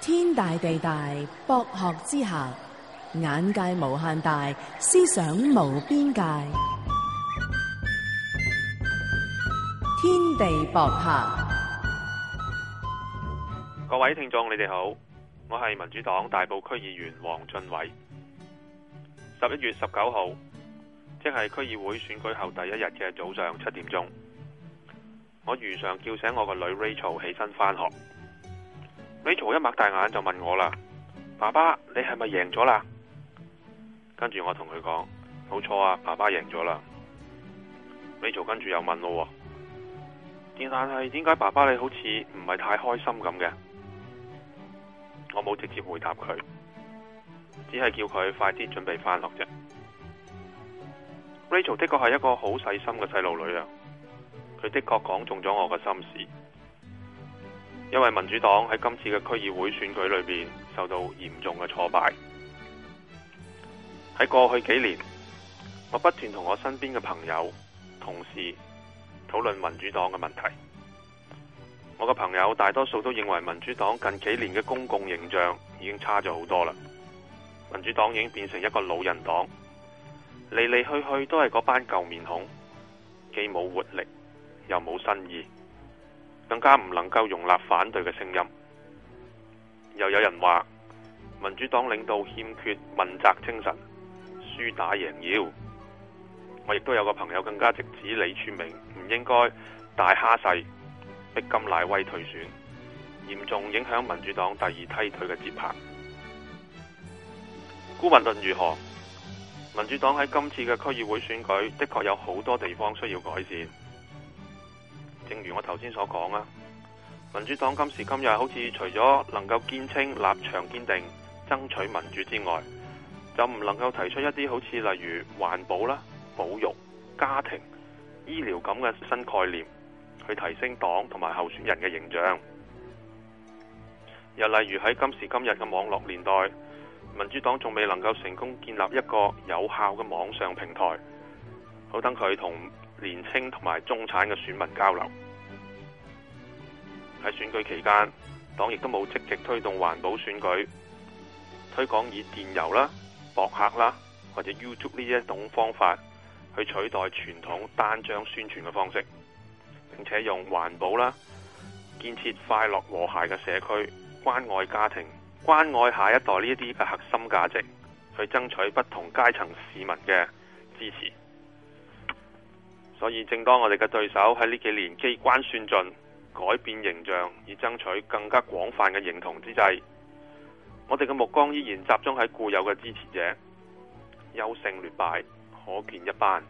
天大地大，博學之下，眼界無限大，思想無邊界。天地博客，各位聽眾，你哋好，我係民主黨大埔區議員黃俊煒。十一月十九號，即係區議會選舉後第一日嘅早上七點鐘，我如常叫醒我個女 Rachel 起身翻學。Rachel 一擘大眼就問我啦：，爸爸，你係咪贏咗啦？跟住我同佢講：，冇錯啊，爸爸贏咗啦。Rachel 跟住又問咯：，但係點解爸爸你好似唔係太開心咁嘅？我冇直接回答佢，只係叫佢快啲準備翻學啫。Rachel 的確係一個好細心嘅細路女啊，佢的確講中咗我嘅心事。因為民主黨喺今次嘅區議會選舉裏邊受到嚴重嘅挫敗，喺過去幾年，我不斷同我身邊嘅朋友、同事討論民主黨嘅問題。我嘅朋友大多數都認為民主黨近幾年嘅公共形象已經差咗好多啦，民主黨已經變成一個老人黨，嚟嚟去去都係嗰班舊面孔，既冇活力又冇新意。更加唔能夠容納反對嘅聲音，又有人話民主黨領導欠缺問責精神，輸打贏要。我亦都有個朋友更加直指李柱銘唔應該大蝦細，逼甘乃威退選，嚴重影響民主黨第二梯隊嘅接棒。故無論如何，民主黨喺今次嘅區議會選舉的確有好多地方需要改善。正如我頭先所講啊，民主黨今時今日好似除咗能夠堅稱立場堅定、爭取民主之外，就唔能夠提出一啲好似例如環保啦、保育、家庭、醫療咁嘅新概念去提升黨同埋候選人嘅形象。又例如喺今時今日嘅網絡年代，民主黨仲未能夠成功建立一個有效嘅網上平台，好等佢同。年青同埋中產嘅選民交流。喺選舉期間，黨亦都冇積極推動環保選舉，推廣以電郵啦、博客啦或者 YouTube 呢一種方法去取代傳統單張宣傳嘅方式，並且用環保啦、建設快樂和諧嘅社區、關愛家庭、關愛下一代呢一啲嘅核心價值去爭取不同階層市民嘅支持。所以，正當我哋嘅對手喺呢幾年機關算盡、改變形象，以爭取更加廣泛嘅認同之際，我哋嘅目光依然集中喺固有嘅支持者，優勝劣敗，可見一斑。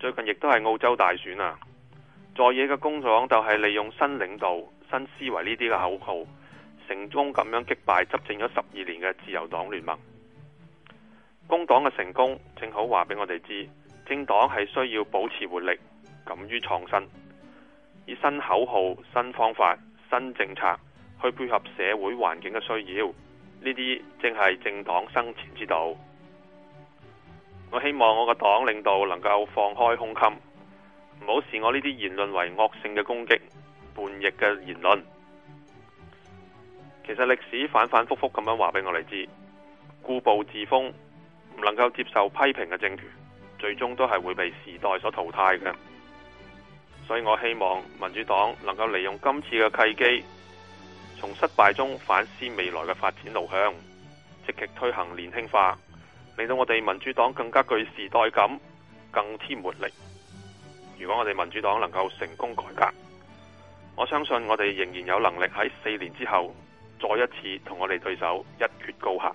最近亦都係澳洲大選啊，在野嘅工黨就係利用新領導、新思維呢啲嘅口號，成功咁樣擊敗執政咗十二年嘅自由黨聯盟。工黨嘅成功，正好話俾我哋知。政黨係需要保持活力，敢於創新，以新口號、新方法、新政策去配合社會環境嘅需要。呢啲正係政黨生存之道。我希望我個黨領導能夠放開胸襟，唔好視我呢啲言論為惡性嘅攻擊、叛逆嘅言論。其實歷史反反复复咁樣話俾我哋知，固步自封唔能夠接受批評嘅政權。最終都係會被時代所淘汰嘅，所以我希望民主黨能夠利用今次嘅契機，從失敗中反思未來嘅發展路向，積極推行年輕化，令到我哋民主黨更加具時代感，更添活力。如果我哋民主黨能夠成功改革，我相信我哋仍然有能力喺四年之後再一次同我哋對手一決高下。